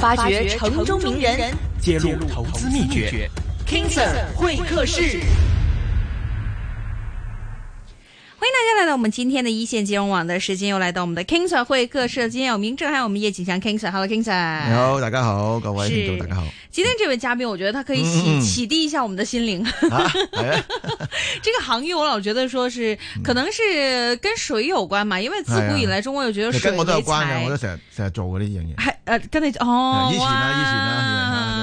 發掘城中名人，人揭露投資秘訣。訣 KingSir 會客室。大家來到我們今天的一綫金融網的時間，又來到我們的 KingSir、er、會客室，今天有明正，還有我們葉錦祥 KingSir。Hello，KingSir。你好大家好，各位聽眾大家好。今天這位嘉賓，我覺得他可以洗滌、嗯、一下我們的心靈。啊啊、 這個行業，我老覺得說是，嗯、可能是跟水有關嘛，因為自古以來、嗯、中國有覺得水。跟我都有關的，菜我都成日成日做嗰啲樣嘢。係，呃，跟你哦以、啊，以前啦、啊，以前、啊以前啊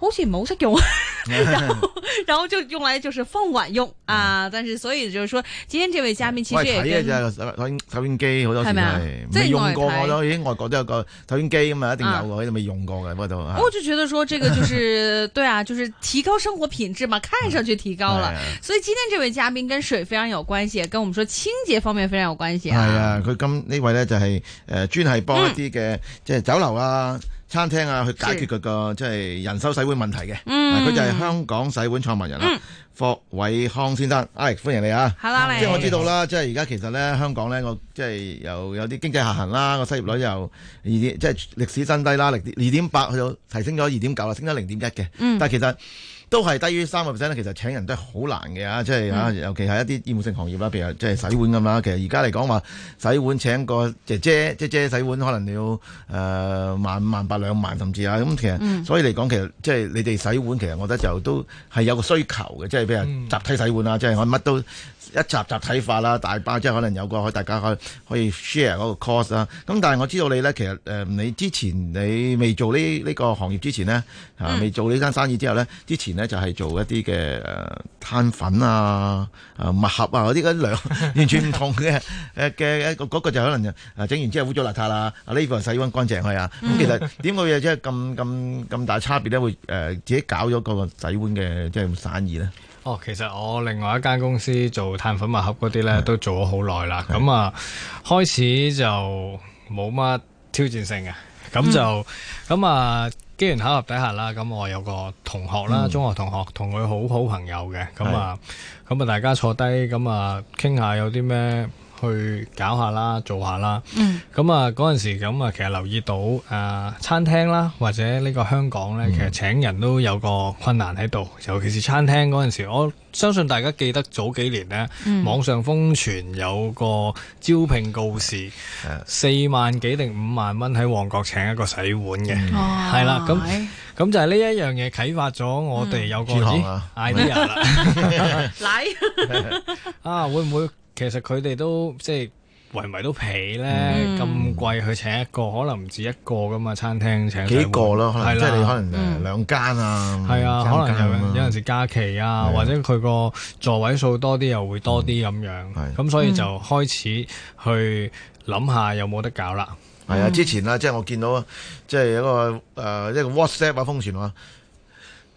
好像冇實用，然後然後就用來就是放碗用 啊，但是所以就是說，今天這位嘉賓其實也就是投影、啊、機，好多是，是、啊、沒用過我都，已經外國都有個投影機，咁啊一定有喎，喺度咪用過嘅，不過我就覺得說，這個就是 對啊，就是提高生活品質嘛，看上去提高了。 所以今天這位嘉賓跟水非常有關係，跟我們說清潔方面非常有關係啊。係啊，佢今呢位呢就係、是、誒、呃、專係幫一啲嘅、嗯、即係酒樓啊。餐廳啊，去解決佢個即係人手洗碗問題嘅。佢、嗯、就係香港洗碗創辦人啦，嗯、霍偉康先生。哎，歡迎你啊！好啦吧，嗯、即係我知道啦，即係而家其實咧，香港咧，我即係又有啲經濟下行啦，個失業率又二即係歷史新低啦，二點八佢就提升咗二點九啦，升咗零點一嘅。嗯，但係其實，都係低於三個 percent，其實請人都係好難嘅啊！即係啊，尤其係一啲厭惡性行業啦，譬如即係洗碗咁啦。其實而家嚟講話洗碗請個姐姐、姐姐洗碗，可能你要誒、呃、萬萬八兩萬甚至啊。咁其實所以嚟講，其實即係、嗯就是、你哋洗碗，其實我覺得就都係有個需求嘅，即係譬如集體洗碗啊，即係我乜都一集集體化啦，大把即係可能有個可以大家可可以 share 嗰個 cost 啦、啊。咁但係我知道你咧，其實誒、呃、你之前你未做呢呢個行業之前呢，嚇、啊、未做呢間生意之後呢。之前。咧就係做一啲嘅，誒碳粉啊、誒墨盒啊，嗰啲，兩完全唔同嘅，誒嘅，誒嗰個就可能誒整、呃、完之後污糟邋遢啦，啊呢份洗碗乾淨係啊，咁、嗯、其實點個嘢即係咁咁咁大差別咧會誒、呃、自己搞咗個洗碗嘅即係生意咧？哦，其實我另外一間公司做碳粉墨盒嗰啲咧都做咗好耐啦，咁的啊的開始就冇乜挑戰性嘅。咁就咁啊，機緣巧合底下啦，咁我有個同學啦，嗯、中學同學同佢好好朋友嘅，咁啊，咁啊的，大家坐低，咁啊，傾下有啲咩去搞下啦，做下啦。咁啊，嗰陣時咁啊，其實留意到誒餐廳啦，或者呢個香港呢，其實請人都有個困難喺度。尤其是餐廳嗰陣時，我相信大家記得早幾年呢，網上瘋傳有個招聘告示，四萬幾定五萬蚊喺旺角請一個洗碗嘅。係啦，咁咁就係呢一樣嘢啟發咗我哋有個 idea 啦。嚟啊，會唔會？其實佢哋都即係圍唔都皮圍唔圍到皮咧？咁貴佢請一個，可能唔止一個㗎嘛？餐廳請幾個咯，即係你可能兩間啊，係啊，可能有陣時假期啊，或者佢個座位數多啲又會多啲咁樣。咁所以就開始去諗下有冇得搞啦。係啊，之前啊，即係我見到即係一個誒一個 WhatsApp 啊，瘋傳啊。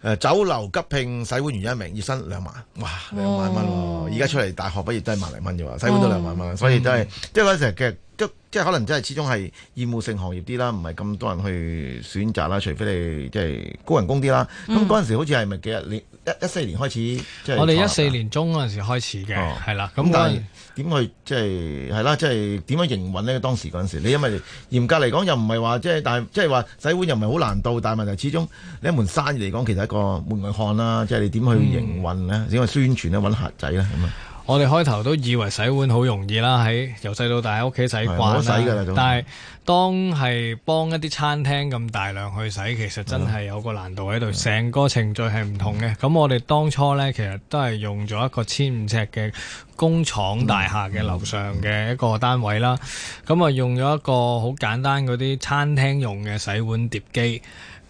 誒酒樓急聘洗碗員一名，月薪兩萬，哇，兩萬蚊喎！而家、哦、出嚟大學畢業都係萬零蚊啫喎，洗碗都兩萬蚊，哦、所以都係即係嗰陣時嘅，即係、即係、可能真係始終係義務性行業啲啦，唔係咁多人去選擇啦，除非你即係高人工啲啦。咁嗰陣時好似係咪幾日？一一四年開始，即係我哋一四年中嗰陣時開始嘅，係啦、哦。咁但係。點去即係係啦，即係點樣營運呢？當時嗰陣時，你因為嚴格嚟講又唔係話即係，但係即係話洗碗又唔係好難度，但係問題始終你一門生意嚟講，其實係一個門外漢啦、啊，即係你點去營運咧？點、嗯、去宣傳咧？搵客仔咧咁啊！我哋開頭都以為洗碗好容易啦，喺由細到大喺屋企洗慣，但係當係幫一啲餐廳咁大量去洗，其實真係有個難度喺度，成個程序係唔同嘅。咁我哋當初呢，其實都係用咗一個千五尺嘅工廠大廈嘅樓上嘅一個單位啦。咁啊、嗯，嗯嗯、用咗一個好簡單嗰啲餐廳用嘅洗碗碟機。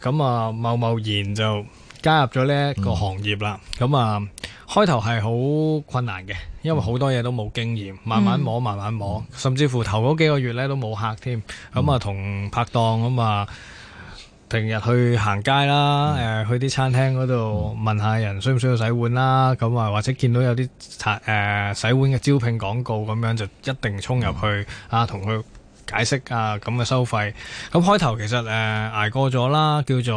咁啊，貿貿然就。加入咗呢一個行業啦，咁啊、嗯、開頭係好困難嘅，因為好多嘢都冇經驗，慢慢摸，嗯、慢慢摸，甚至乎頭嗰幾個月呢都冇客添。咁啊、嗯，同拍檔咁啊，平日去行街啦，誒、嗯呃、去啲餐廳嗰度、嗯、問下人需唔需要洗碗啦。咁啊，或者見到有啲擦誒洗碗嘅招聘廣告咁樣，就一定衝入去、嗯、啊，同佢。解釋啊咁嘅收費，咁開頭其實誒捱、呃、過咗啦，叫做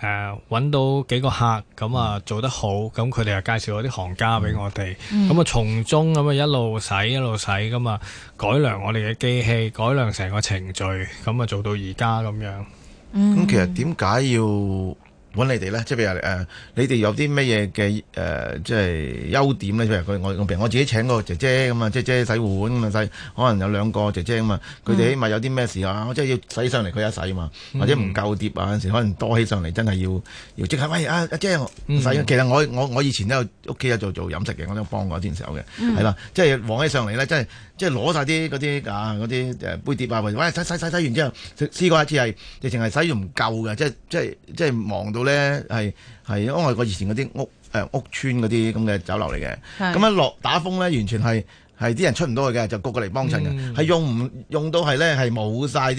誒揾、呃、到幾個客，咁啊做得好，咁佢哋又介紹嗰啲行家俾我哋，咁啊、嗯、從中咁啊一路洗一路洗咁啊改良我哋嘅機器，改良成個程序，咁啊做到而家咁樣。咁、嗯、其實點解要揾你哋咧，即係譬如誒，你哋有啲咩嘢嘅誒，即係優點咧，即係佢我我譬如我自己請個姐姐咁啊，姐姐洗碗咁啊洗，可能有兩個姐姐啊嘛，佢哋起碼有啲咩事啊，我、嗯、即係要洗上嚟佢一洗啊嘛，或者唔夠碟啊，有時可能多起上嚟真係要要即刻喂啊阿姐洗。嗯、其實我我我以前都有屋企有做做，做飲食嘅，我都幫過啲人手嘅，係啦、嗯，即係旺起上嚟咧，真係。即係攞晒啲嗰啲啲誒杯碟啊，或者洗洗洗洗完之後，試過一次係直情係洗用唔夠嘅，即係即係即係忙到咧係係因為我以前嗰啲屋誒、呃、屋邨嗰啲咁嘅酒樓嚟嘅，咁一落打風咧，完全係係啲人出唔到去嘅，就各個個嚟幫襯嘅，係、嗯、用唔用到係咧係冇晒啲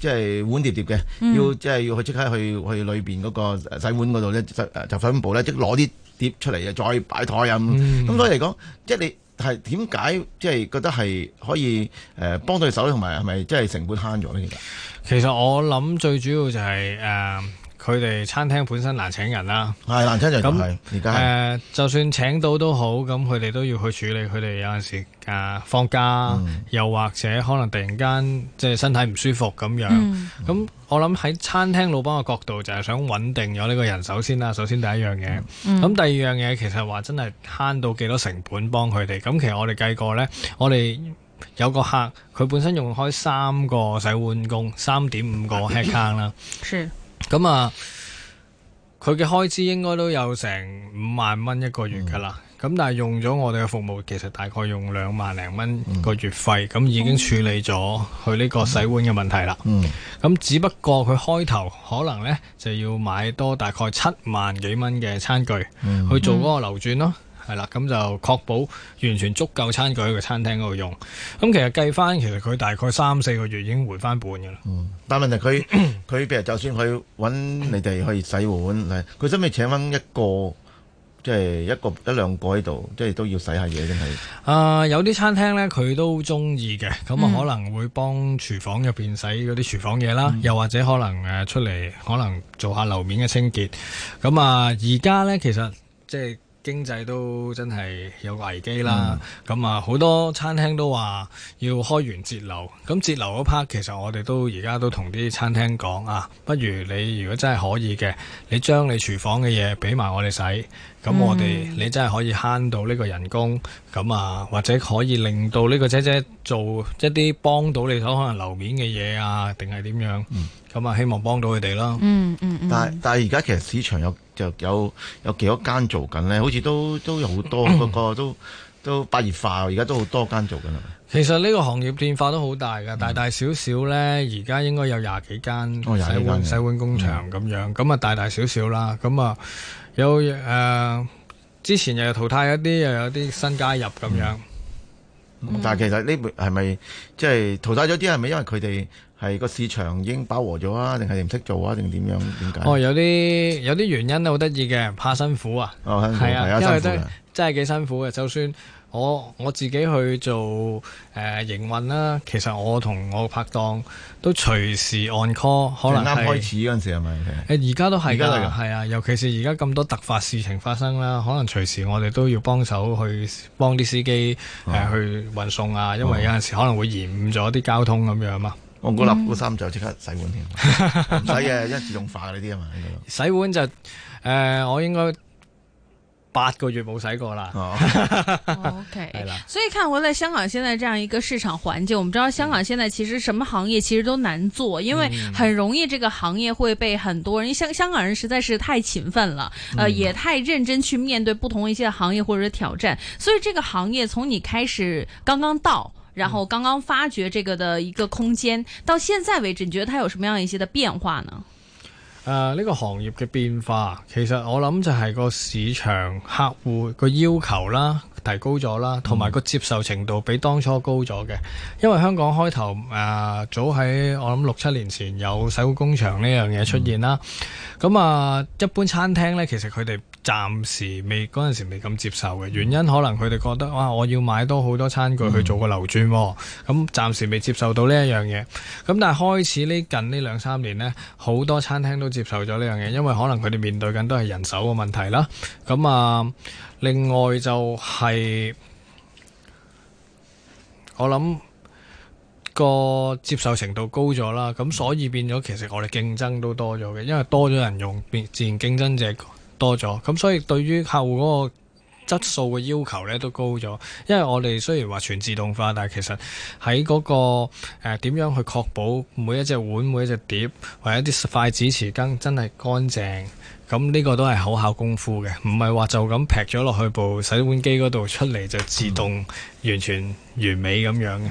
即係碗碟碟嘅，嗯、要即係要去即刻去去裏邊嗰個洗碗嗰度咧就分粉布咧，即攞啲碟出嚟啊再擺枱咁，咁、嗯、所以嚟講，即係你。係點解即係覺得係可以誒幫到手，同埋係咪即係成本慳咗呢？其實我諗最主要就係、是、誒。呃佢哋餐廳本身難請人啦，係、嗯、難請人、就是，咁而家誒就算請到都好，咁佢哋都要去處理。佢哋有陣時誒放假，嗯、又或者可能突然間即係、就是、身體唔舒服咁樣。咁我諗喺餐廳老闆嘅角度，就係想穩定咗呢個人手先啦。首先第一樣嘢，咁、嗯、第二樣嘢其實話真係慳到幾多少成本幫佢哋。咁其實我哋計過呢，我哋有個客，佢本身用開三個洗碗工，三點五個 head count 啦。係。咁啊，佢嘅開支應該都有成五萬蚊一個月噶啦，咁但係用咗我哋嘅服務，其實大概用兩萬零蚊個月費，咁已經處理咗佢呢個洗碗嘅問題啦。咁只不過佢開頭可能呢就要買多大概七萬幾蚊嘅餐具，去做嗰個流轉咯。係啦，咁就確保完全足夠餐具喺個餐廳嗰度用。咁其實計翻，其實佢大概三四個月已經回翻本噶啦。嗯，但問題佢佢譬如就算佢揾你哋去洗碗，佢係唔係請翻一個，即係一個一兩個喺度，即係都要洗下嘢，真係？啊，有啲餐廳呢，佢都中意嘅，咁啊可能會幫廚房入邊洗嗰啲廚房嘢啦，嗯、又或者可能誒出嚟可能做下樓面嘅清潔。咁啊，而家呢，其實即係。經濟都真係有危機啦，咁啊，好多餐廳都話要開源節流，咁節流嗰 part 其實我哋都而家都同啲餐廳講啊，不如你如果真係可以嘅，你將你廚房嘅嘢俾埋我哋洗。咁、嗯、我哋你真係可以慳到呢個人工，咁啊，或者可以令到呢個姐姐做一啲幫到你手可能樓面嘅嘢啊，定係點樣？咁、嗯、啊，希望幫到佢哋啦。嗯嗯但係但係而家其實市場有就有有幾多,多,、嗯、多間做緊咧？好似都都有好多，不過都都多元化。而家都好多間做緊啦。其實呢個行業變化都好大嘅，嗯、大大小小咧，而家應該有廿幾間洗碗洗碗、哦、工場咁、嗯、樣。咁啊，大大小小啦，咁啊。有誒、呃，之前又淘汰一啲，又有啲新加入咁樣。嗯嗯、但係其實呢係係咪即係淘汰咗啲？係咪因為佢哋係個市場已經飽和咗啊？定係唔識做啊？定點樣點解？哦，有啲有啲原因都好得意嘅，怕辛苦啊，係、哦、啊，因為真係真係幾辛苦嘅，就算。我我自己去做誒、呃、營運啦，其實我同我個拍檔都隨時按 call，可能啱開始嗰陣時係咪？誒而家都係㗎，係啊，尤其是而家咁多突發事情發生啦，可能隨時我哋都要幫手去幫啲司機誒、呃、去運送啊，因為有陣時可能會延誤咗啲交通咁樣嘛。我估、嗯、立個衫就即刻洗碗添，唔使嘅，一自動化嘅呢啲啊嘛，洗碗就誒、呃、我應該。八個月冇洗過啦。Oh. oh, OK，所以看回來香港現在這樣一個市場環境，我們知道香港現在其實什麼行業其實都難做，因為很容易這個行業會被很多人。香香港人實在是太勤奮了，呃，mm. 也太認真去面對不同一些行業或者挑戰。所以這個行業從你開始剛剛到，然後剛剛發掘這個的一個空間，到現在為止，你覺得它有什麼樣一些的變化呢？誒呢、啊這個行業嘅變化，其實我諗就係個市場客戶個要求啦，提高咗啦，同埋個接受程度比當初高咗嘅。因為香港開頭誒、啊、早喺我諗六七年前有洗碗工場呢樣嘢出現啦。咁、嗯、啊，一般餐廳呢，其實佢哋。暫時未嗰陣時未咁接受嘅原因，可能佢哋覺得哇，我要買多好多餐具去做個流轉喎。咁暫時未接受到呢一樣嘢。咁但係開始呢近呢兩三年呢，好多餐廳都接受咗呢樣嘢，因為可能佢哋面對緊都係人手嘅問題啦。咁啊，另外就係我諗個接受程度高咗啦。咁所以變咗，其實我哋競爭都多咗嘅，因為多咗人用，變自然競爭者。多咗，咁所以對於客戶嗰個質素嘅要求咧都高咗。因為我哋雖然話全自動化，但係其實喺嗰個誒、呃、點樣去確保每一隻碗、每一隻碟或者啲筷子、匙羹真係乾淨，咁呢個都係好考功夫嘅，唔係話就咁劈咗落去部洗碗機嗰度出嚟就自動完全完美咁樣嘅。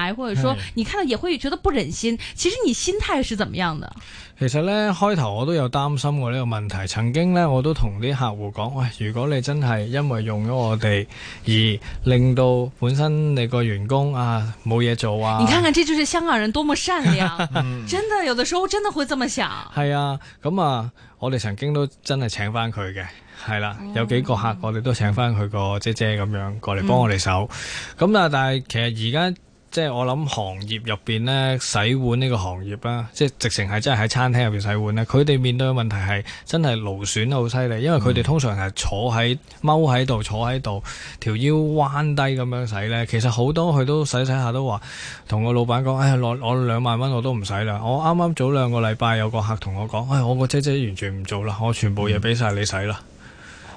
或者說你看到也會覺得不忍心，是其實你心態是怎麼樣的？其實呢，開頭我都有擔心過呢個問題，曾經呢，我都同啲客戶講：喂、哎，如果你真係因為用咗我哋而令到本身你個員工啊冇嘢做啊！你看看，這就是香港人多麼善良， 真的，有的時候真的會這麼想。係 啊，咁啊，我哋曾經都真係請翻佢嘅，係啦、啊，有幾個客我哋都請翻佢個姐姐咁樣過嚟幫我哋手。咁啊、嗯嗯，但係其實而家。即係我諗行業入面呢，洗碗呢個行業啦，即係直情係真係喺餐廳入面洗碗呢。佢哋面對嘅問題係真係勞損得好犀利，因為佢哋通常係坐喺踎喺度，坐喺度條腰彎低咁樣洗呢。其實好多佢都洗洗下都話同個老闆講，哎呀，攞攞兩萬蚊我都唔使啦。我啱啱早兩個禮拜有個客同我講，哎，我個姐姐完全唔做啦，我全部嘢俾晒你洗啦。嗯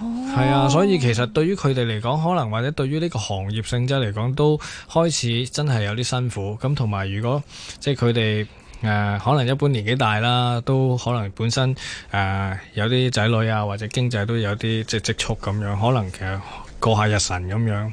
係、oh. 啊，所以其實對於佢哋嚟講，可能或者對於呢個行業性質嚟講，都開始真係有啲辛苦。咁同埋，如果即係佢哋誒，可能一般年紀大啦，都可能本身誒、呃、有啲仔女啊，或者經濟都有啲即係積蓄咁樣，可能其實過下日神咁樣。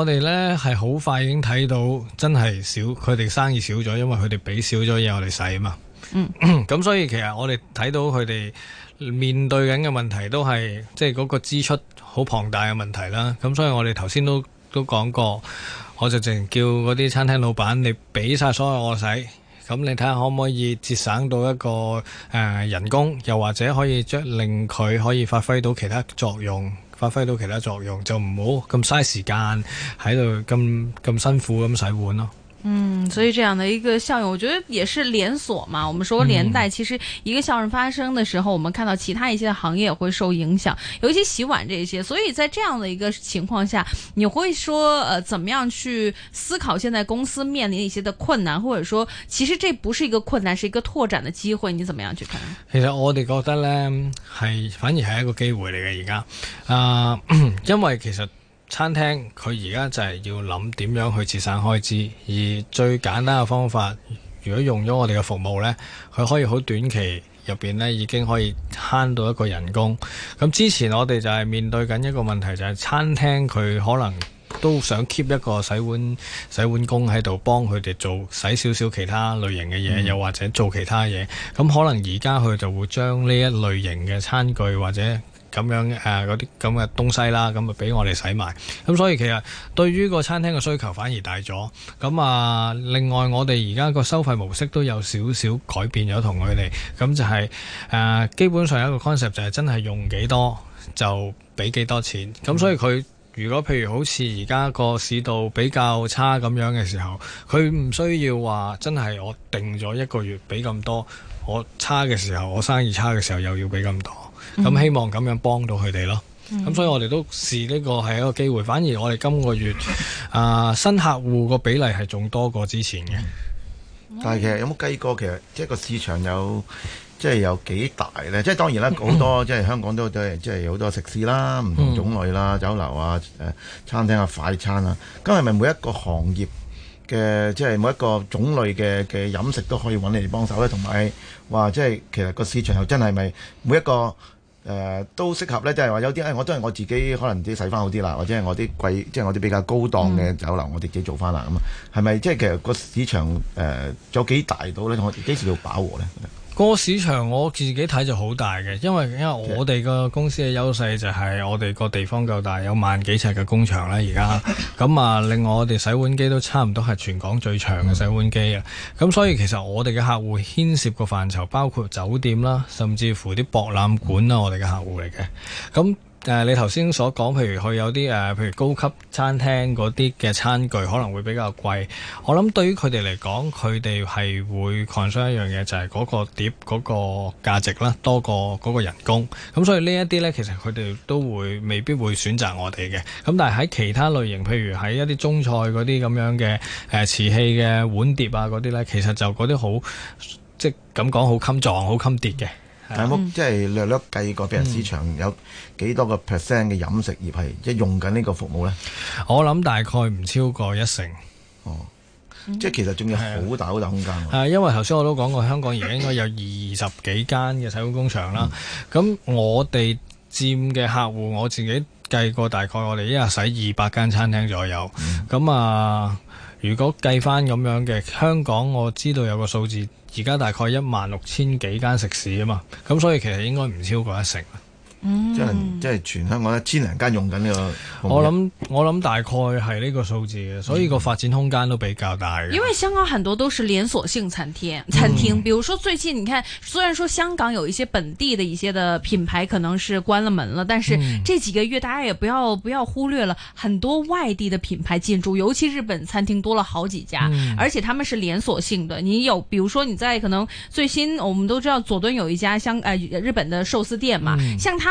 我哋呢係好快已經睇到真係少，佢哋生意少咗，因為佢哋俾少咗嘢我哋使啊嘛。咁、嗯、 所以其實我哋睇到佢哋面對緊嘅問題都係即係嗰個支出好龐大嘅問題啦。咁所以我哋頭先都都講過，我就淨叫嗰啲餐廳老闆你俾晒所有我使，咁你睇下可唔可以節省到一個誒、呃、人工，又或者可以將令佢可以發揮到其他作用。發揮到其他作用，就唔好咁嘥時間，喺度咁咁辛苦咁洗碗咯。嗯，所以這樣的一個效應，我覺得也是連鎖嘛。我們說連帶，嗯、其實一個效應發生的時候，我們看到其他一些行業也會受影響，尤其洗碗這些。所以在這樣的一個情況下，你會說呃，怎麼樣去思考現在公司面臨一些的困難，或者說其實這不是一個困難，是一個拓展的機會？你怎麼樣去看？其實我哋覺得呢，係反而係一個機會嚟嘅。而家啊，因為其實。餐廳佢而家就係要諗點樣去節省開支，而最簡單嘅方法，如果用咗我哋嘅服務呢，佢可以好短期入面呢已經可以慳到一個人工。咁之前我哋就係面對緊一個問題，就係、是、餐廳佢可能都想 keep 一個洗碗洗碗工喺度幫佢哋做，洗少少其他類型嘅嘢，嗯、又或者做其他嘢。咁可能而家佢就會將呢一類型嘅餐具或者。咁樣誒嗰啲咁嘅東西啦，咁咪俾我哋洗埋。咁所以其實對於個餐廳嘅需求反而大咗。咁啊，另外我哋而家個收費模式都有少少改變咗同佢哋。咁就係誒，基本上有一個 concept 就係真係用幾多就俾幾多錢。咁所以佢如果譬如好似而家個市道比較差咁樣嘅時候，佢唔需要話真係我定咗一個月俾咁多，我差嘅時候我生意差嘅時候又要俾咁多。咁、嗯、希望咁樣幫到佢哋咯，咁、嗯嗯、所以我哋都視呢個係一個機會。反而我哋今個月啊、呃、新客戶個比例係仲多過之前嘅、嗯。但係其實有冇計過其實即係個市場有即係有幾大呢？即係當然啦，好多 即係香港都有即係好多食肆啦，唔同種類啦，酒樓啊，餐廳啊，快餐啊。咁係咪每一個行業嘅即係每一個種類嘅嘅飲食都可以揾你哋幫手呢？同埋話即係其實個市場又真係咪每一個？誒、呃、都適合咧，即係話有啲、哎、我都係我自己可能自己洗翻好啲啦，或者係我啲貴，即係我啲比較高檔嘅酒樓，嗯、我哋自己做翻啦。咁係咪即係其實個市場誒、呃、有幾大到咧？我幾時到飽和咧？個市場我自己睇就好大嘅，因為因為我哋個公司嘅優勢就係我哋個地方夠大，有萬幾尺嘅工場啦，而家咁啊，另外我哋洗碗機都差唔多係全港最長嘅洗碗機啊，咁、嗯、所以其實我哋嘅客戶牽涉個範疇包括酒店啦，甚至乎啲博覽館啊，我哋嘅客戶嚟嘅，咁。誒，你頭先所講，譬如佢有啲誒，譬如高級餐廳嗰啲嘅餐具可能會比較貴。我諗對於佢哋嚟講，佢哋係會 concern 一樣嘢，就係、是、嗰個碟嗰個價值啦，多過嗰個人工。咁所以呢一啲呢，其實佢哋都會未必會選擇我哋嘅。咁但係喺其他類型，譬如喺一啲中菜嗰啲咁樣嘅誒、呃、瓷器嘅碗碟啊嗰啲呢，其實就嗰啲好，即咁講好襟撞、好襟跌嘅。大屋即係略略計過，畀人市場有幾多個 percent 嘅飲食業係、嗯、即係用緊呢個服務呢，我諗大概唔超過一成哦，即係其實仲有好大好大空間。係因為頭先我都講過，香港而家應該有二十幾間嘅洗碗工場啦。咁、嗯、我哋佔嘅客戶，我自己計過，大概我哋一日洗二百間餐廳左右。咁、嗯、啊～如果計翻咁樣嘅香港，我知道有個數字，而家大概一萬六千幾間食肆啊嘛，咁所以其實應該唔超過一成。嗯，即係即係全香港一千零間用緊呢個，我想，我諗我諗大概係呢個數字嘅，所以個發展空間都比較大。嗯嗯、因為香港很多都是連鎖性餐廳，嗯、餐廳，比如說最近，你看，雖然說香港有一些本地的一些的品牌可能是關了門了，但是這幾個月大家也不要不要忽略了很多外地的品牌進駐，尤其日本餐廳多了好幾家，嗯、而且他們是連鎖性的。你有，比如說你在可能最新，我們都知道佐敦有一家香誒日本的壽司店嘛，嗯、像他。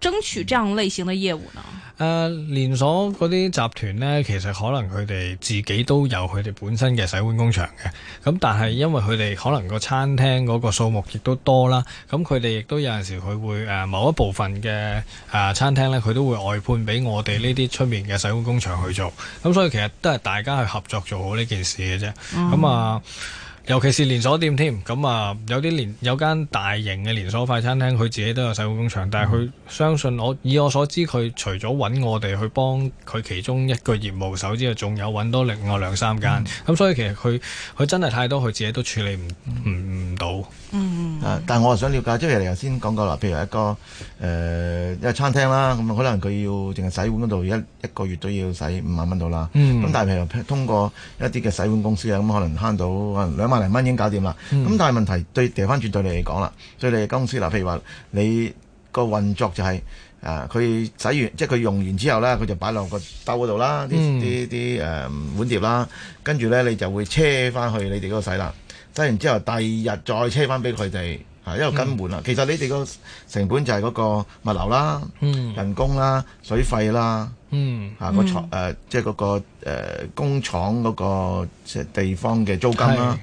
爭取這樣類型的業務呢？誒、呃，連鎖嗰啲集團呢，其實可能佢哋自己都有佢哋本身嘅洗碗工場嘅。咁但係因為佢哋可能個餐廳嗰個數目亦都多啦，咁佢哋亦都有陣時佢會誒、呃、某一部分嘅誒、呃、餐廳呢，佢都會外判俾我哋呢啲出面嘅洗碗工場去做。咁所以其實都係大家去合作做好呢件事嘅啫。咁啊、嗯。嗯呃尤其是連鎖店添，咁、嗯、啊有啲連有間大型嘅連鎖快餐廳，佢自己都有洗碗工場，但係佢相信我，以我所知，佢除咗揾我哋去幫佢其中一個業務手之外，仲有揾多另外兩三間，咁、嗯嗯、所以其實佢佢真係太多，佢自己都處理唔唔到。嗯啊、但係我啊想了解，即係你如頭先講過嗱，譬如一個誒、呃、一個餐廳啦，咁、嗯嗯、可能佢要淨係洗碗嗰度一一個月都要洗五萬蚊到啦。嗯。咁但係譬如通過一啲嘅洗碗公司啊，咁可能慳到可能兩萬萬零蚊已經搞掂啦，咁、嗯、但係問題對掉翻轉對你嚟講啦，對你哋公司嗱，譬如話你個運作就係、是、誒，佢、呃、洗完即係佢用完之後咧，佢就擺落個兜嗰度啦，啲啲啲誒碗碟啦，跟住咧你就會車翻去你哋嗰個洗啦，洗完之後第二日再車翻俾佢哋，啊因為跟換啦。嗯、其實你哋個成本就係嗰個物流啦、嗯、人工啦、水費啦、嚇個廠誒，即係嗰個工廠嗰個即係地方嘅租金啦。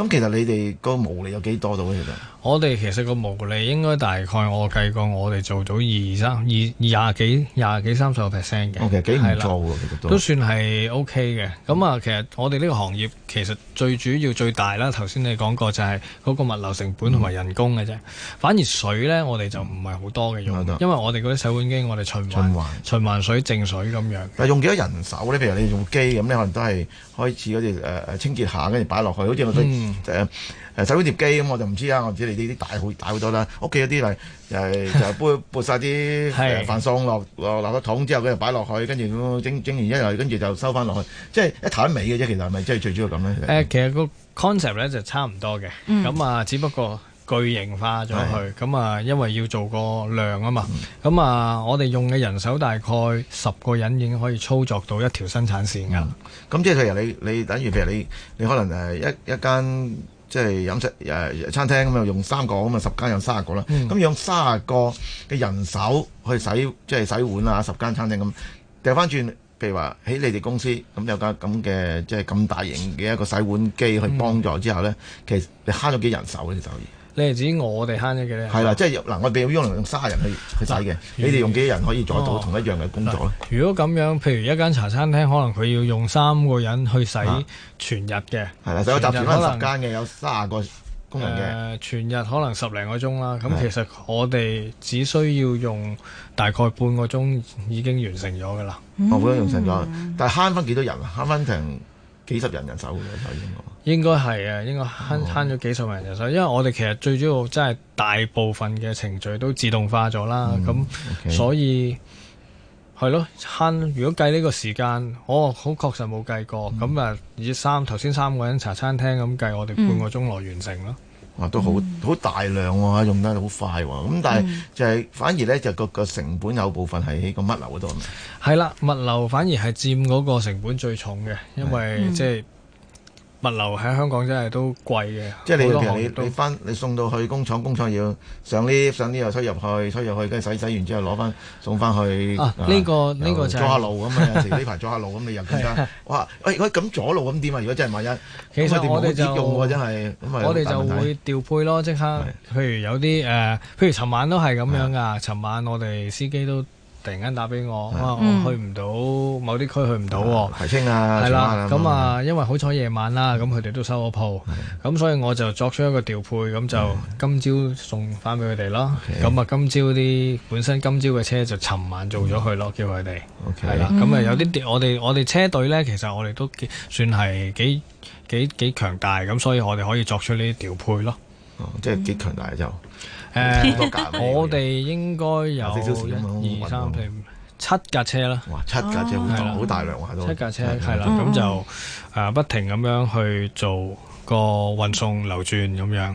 咁其實你哋個毛利有幾多到呢？其實。我哋其實個毛利應該大概我計過，我哋做到二三二二廿幾廿幾三十個 percent 嘅，喎 Okay, 的，做都都算係 OK 嘅。咁啊，其實我哋呢個行業其實最主要最大啦，頭先你講過就係嗰個物流成本同埋人工嘅啫。嗯、反而水呢，我哋就唔係好多嘅用，嗯、因為我哋嗰啲洗碗機我哋循環循環環水淨水咁樣。但係用幾多人手呢？譬如你用機咁你可能都係開始嗰啲、呃、清潔下，跟住擺落去，好似好多誒手機碟機咁我就唔知啊，我唔知你啲啲大好大好多啦。屋企嗰啲嚟，誒就撥、是、 是撥晒啲飯餸落落垃圾桶之後，佢就擺落去，跟住整整完一後，跟住就收翻落去。即係一頭一尾嘅啫，其實係咪即係最主要咁咧，呃？其實個 concept 咧就差唔多嘅，咁啊、嗯，只不過巨型化咗佢，咁啊、嗯，因為要做個量啊嘛。咁啊、嗯，我哋用嘅人手大概十個人已經可以操作到一條生產線噶。咁、嗯、即係譬如你你等於譬如你你可能誒一一間。即係飲食誒、啊、餐廳咁啊，用三個咁啊十間有三十個啦。咁用三十個嘅人手去洗即係、就是、洗碗啊，十間餐廳咁掉翻轉。譬如話喺你哋公司咁有間咁嘅即係咁大型嘅一個洗碗機去幫助之後咧，嗯、其實你慳咗幾人手嘅就、資源。你係指我哋慳咗嘅咧？係啦，即係嗱，我、呃、哋用用卅人去去洗嘅。嗯、你哋用幾多人可以做到同一樣嘅工作咧、哦？如果咁樣，譬如一間茶餐廳，可能佢要用三個人去洗全日嘅。係啦、啊，有集團可能十間嘅有卅個工人嘅。全日可能十零個鐘啦。咁、嗯、其實我哋只需要用大概半個鐘已經完成咗㗎啦。全部都完成咗。但係慳翻幾多人啊？慳翻停。幾十人人手嘅，首先應該係啊，應該慳慳咗幾十萬人，人手，哦、因為我哋其實最主要真係大部分嘅程序都自動化咗啦，咁所以係咯，慳。如果計呢個時間，我好確實冇計過，咁啊、嗯、以三頭先三個人茶餐廳咁計，我哋半個鐘來完成咯。嗯啊，都好好大量啊，用得好快喎，咁但係就係反而咧，就個個成本有部分係喺個物流嗰度。係啦，物流反而係佔嗰個成本最重嘅，因為即係。物流喺香港真係都貴嘅，即係你其實你你翻你送到去工廠，工廠要上 lift 上 lift 又推入去，推入去跟住洗，洗完之後攞翻送翻去。呢個呢個就阻下路咁啊！有時呢排阻下路咁，你又入去哇！喂，喂，咁阻路咁點啊？如果真係萬一，其實我哋就我哋就會調配咯，即刻。譬如有啲誒，譬如尋晚都係咁樣噶。尋晚我哋司機都。突然間打俾我，啊，我去唔到某啲區，去唔到，澄清啊，係啦，咁啊，因為好彩夜晚啦，咁佢哋都收咗鋪，咁所以我就作出一個調配，咁就今朝送翻俾佢哋咯。咁啊，今朝啲本身今朝嘅車就尋晚做咗去咯，叫佢哋。OK，係啦，咁啊有啲我哋我哋車隊呢，其實我哋都算係幾幾幾強大，咁所以我哋可以作出呢啲調配咯。哦，即係幾強大就。誒，嗯、 我哋應該有一、二、三、四、五、七架車啦。哇，七架車好、哦、大，好大量喎，都七架車係啦。咁、嗯、就誒，不停咁樣去做個運送流轉咁樣。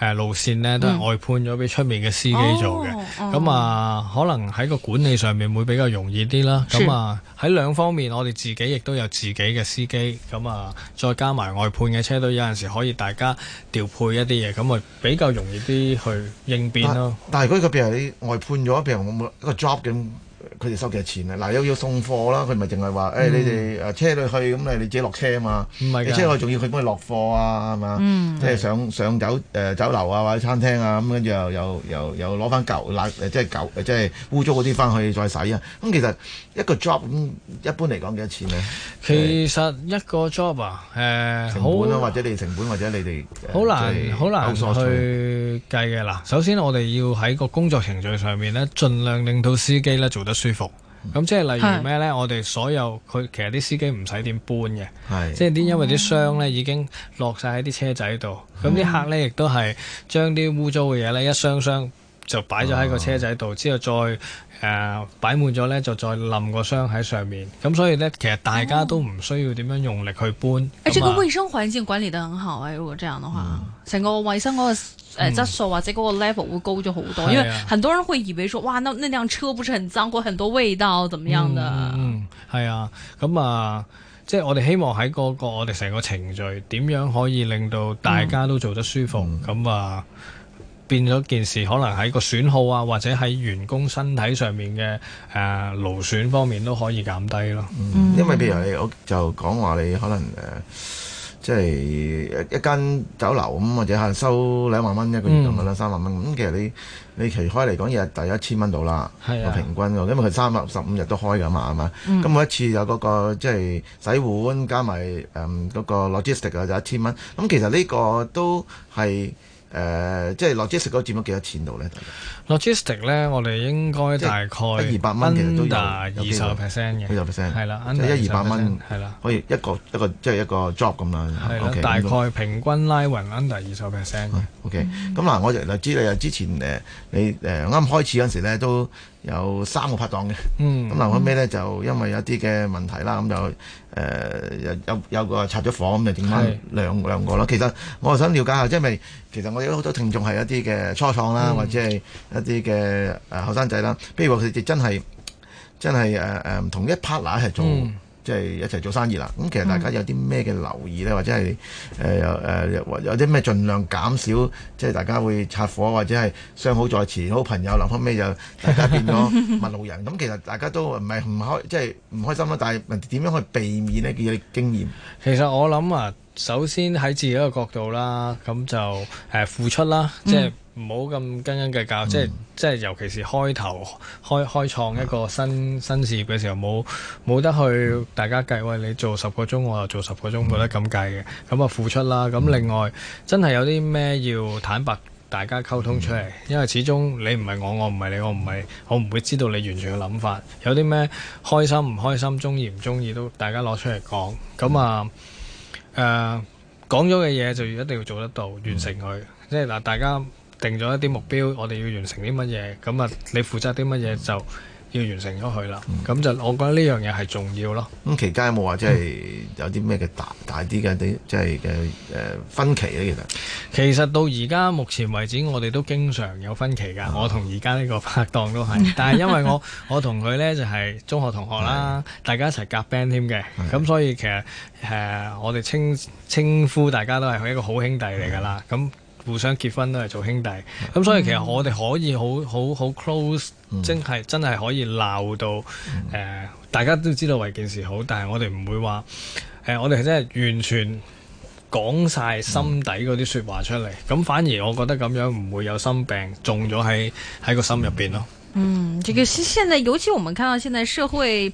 誒路線呢都係外判咗俾出面嘅司機做嘅，咁啊、嗯哦嗯、可能喺個管理上面會比較容易啲啦。咁啊喺兩方面，我哋自己亦都有自己嘅司機，咁啊再加埋外判嘅車都有陣時可以大家調配一啲嘢，咁啊比較容易啲去應變咯。但係如果譬如你外判咗，譬如我冇一個 job 嘅。佢哋收幾多錢啊？嗱，又要送貨啦，佢咪係淨係話，你哋誒車你去咁誒，你自己落車啊嘛。唔係嘅，你車我仲要佢幫你落貨啊，係嘛、嗯？即係上上酒誒酒樓啊或者餐廳啊咁，跟住又又又又攞翻舊即係即係污糟嗰啲翻去再洗啊。咁其實一個 job 咁一般嚟講幾多錢呢？其實一個 job, 一一個 job 啊誒、呃、成本、啊好啊、或者你成本或者你哋好難好難去計嘅嗱。首先我哋要喺個工作程序上面咧，盡量令到司機咧做到。舒服，咁即係例如咩呢？是我哋所有佢其實啲司機唔使點搬嘅。是即係啲因為啲箱呢已經落晒喺啲車仔度，咁啲、嗯、客呢亦都係將啲污糟嘅嘢呢一箱箱。就擺咗喺個車仔度，哦、之後再誒、呃、擺滿咗呢，就再冧個箱喺上面。咁所以呢，其實大家都唔需要點樣用力去搬。誒、哦，那這個衛生環境管理得很好啊！如果這樣的話，成、嗯、個衛生嗰個質素或者嗰個 level 會高咗好多。因為很多人會以為說：嗯、哇，那那輛車不是很髒或很多味道，怎麼樣的？嗯，係、嗯、啊，咁啊，即係我哋希望喺嗰、那個我哋成個程序點樣可以令到大家都做得舒服咁啊。嗯嗯那變咗件事，可能喺個損耗啊，或者喺員工身體上面嘅誒、呃、勞損方面都可以減低咯。嗯、因為譬如你我就講話你可能誒、呃，即係一間酒樓咁，或者可能收兩萬蚊一個月咁樣啦，三、嗯、萬蚊咁、嗯。其實你你其開嚟講，亦係第一千蚊到啦。係、啊、平均㗎，因為佢三百十五日都開㗎嘛，係嘛、嗯。咁每一次有嗰、那個即係洗碗，加埋誒嗰個 logistic 啊，就一千蚊。咁其實呢個都係。誒，即係 logistics 佔咗幾多錢度咧？logistics 咧，我哋應該大概二百蚊其實都要二十 percent 嘅，二十 percent 係啦，即係一百蚊係啦，可以一個一個即係一個 job 咁啦。係啦，大概平均拉勻 under 二十 percent。OK，咁嗱，我哋就知你 g 之前誒，你誒啱開始嗰時咧都。有三個拍檔嘅，咁留、嗯、後尾咧、嗯、就因為有啲嘅問題啦，咁、嗯、就誒、呃、有有個個拆咗火，咁就剩翻兩兩個囉。其實我想了解下，即係咪其實我哋好多聽眾係一啲嘅初創啦，嗯、或者係一啲嘅誒後生仔啦，譬如話佢哋真係真係誒、呃、同一 partner 係做。嗯即係一齊做生意啦！咁其實大家有啲咩嘅留意咧，或者係誒誒，或有啲咩儘量減少，即、就、係、是、大家會拆火，或者係相好在前，好朋友臨後咩就大家變咗陌路人。咁 其實大家都唔係唔開，即係唔開心啦、就是。但係點樣可以避免呢叫嘅、這個、經驗。其實我諗啊。首先喺自己一個角度啦，咁就誒付出啦，嗯、即係唔好咁斤斤計較，嗯、即係即係尤其是開頭開開創一個新新事業嘅時候，冇冇得去大家計，喂，你做十個鐘，我又做十個鐘，冇得咁計嘅。咁啊、嗯、付出啦，咁、嗯、另外真係有啲咩要坦白大家溝通出嚟，嗯、因為始終你唔係我，我唔係你，我唔係我唔會知道你完全嘅諗法。有啲咩開心唔開心，中意唔中意都大家攞出嚟講。咁、嗯、啊～誒講咗嘅嘢就一定要做得到，嗯、完成佢。即係嗱，大家定咗一啲目標，我哋要完成啲乜嘢，咁啊，你負責啲乜嘢就，要完成咗佢啦，咁、嗯、就我覺得呢樣嘢係重要咯。咁期間有冇話即係有啲咩嘅大、嗯、大啲嘅啲即係嘅誒分歧咧？其實其實到而家目前為止，我哋都經常有分歧㗎。啊、我同而家呢個拍檔都係，啊、但係因為我我同佢呢就係中學同學啦， 大家一齊夾 band 添嘅，咁的所以其實、呃、我哋稱稱呼大家都係一個好兄弟嚟㗎啦，咁、啊。互相結婚都係做兄弟，咁所以其實我哋可以好好好 close，真係真係可以鬧到誒、呃，大家都知道為件事好，但係我哋唔會話誒、呃，我哋真係完全講晒心底嗰啲説話出嚟，咁反而我覺得咁樣唔會有心病中咗喺喺個心入邊咯。嗯，這個是現在，尤其我們看到現在社會。